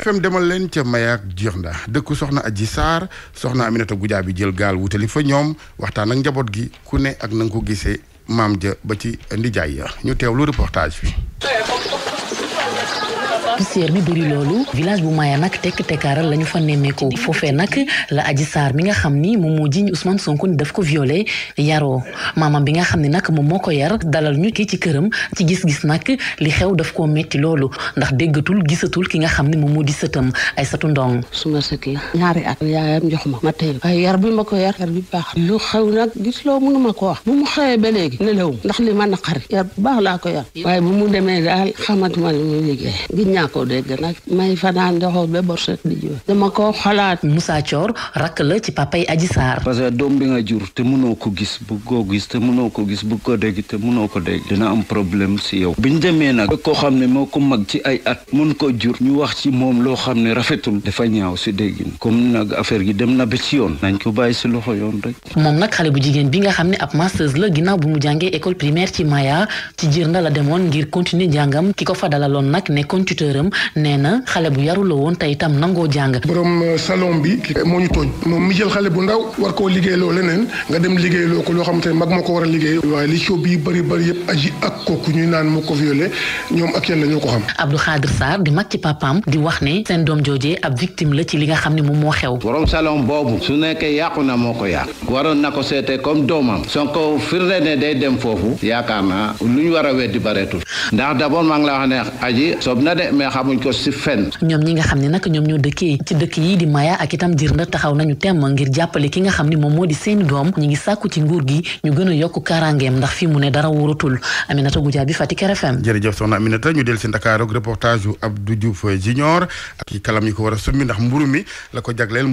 FM demal leen ca Mayak Dionda dëkku soxna Adji saar soxna Aminata Goudia bi jël gaal wutali fa ñoom waxtaan ak njaboot gi ku ne ak na ko gisee maam ja ba ci ndijaay ya ñu teewlu reportage bi. poussière bi bëri loolu village bu Maya nag tekk tekkaaral la fa nemmeeku foofee nag la Adji Sarr mi nga xam ni moom moo jiñ Ousmane Sonko ni daf ko violé yaroo maamam bi nga xam ne nag moom moo ko yar dalal ñu kii ci këram ci gis-gis nag li xew daf koo metti loolu ndax déggatul gisatul ki nga xam ne moom moo di sëtam ay sëtu ndong suma sët la ñaari at yaayam jox ma ma tey waaye yar ma ko yar yar bi baax lu xew nag gis ko wax bu mu xewee ba léegi nelawum ndax li ma naqari yar bu baax laa ko yar waaye bu mu demee daal xamatuma li muy liggéey naa ko dégg nag may fanaan di xool ba borset di jooy dama koo xalaat Moussa Thior rakk la ci papay Adji Sarr parce que doom bi nga jur te munoo ko gis bu koo gis te mënoo ko gis bu ko dégg te munoo ko dégg dina am problème si yow biñ demee nag koo xam ne moo ko mag ci ay at mun jur ñu wax ci moom loo xam ne rafetul dafa ñaaw si déggin comme nag affaire gi dem na ba ci yoon nañ ko bàyyi si loxo yoon rek moom bi nga xam ne ab masteuse la ginnaaw bu mu jàngee école primaire ci Maya ci Jirnda la demoon ngir continuer jàngam ki ko fa dalaloon nag nekkoon tuteur jëkkëram nee na xale bu yaru la woon te itam nangoo jàng. borom euh, salon bi moo ñu tooñ moom mi jël xale bu ndaw war koo liggéeyloo leneen nga dem ko loo xamante ne mag moo ko war a liggéey waaye li coob yi bëri bëri yëpp ko violé ñoom ak yàlla ñoo ko xam. Abdou Khadir Sarr di mag ci papaam di wax ne la ci li nga xam ne moom moo xew. borom salon boobu su nekkee yàqu na moo ko yàq waroon na ko seetee comme doomam Sonko firnde ne day dem foofu yaakaar na lu ñu war a weddi ndax d'abord maa la wax ne aji soob na de mais xamuñ ko si fen ñoom ñi nga xam ne nag ñoom ñoo dëkkee ci dëkk yi di Maya ak itam Jirnda taxaw nañu temm ngir jàppale ki nga xam ni moom moo di seeni doom ñi ngi sàkku ci nguur gi ñu gën a yokk karangeem ndax fi mu ne dara wóoratul Aminata Goudia bi Fatick RFM jërëjëf soxna Aminata ñu del si Ndakaar ak reportage yu Abdou Diouf Junior ak kalam yi ko war a mi ndax mburu mi la jagleel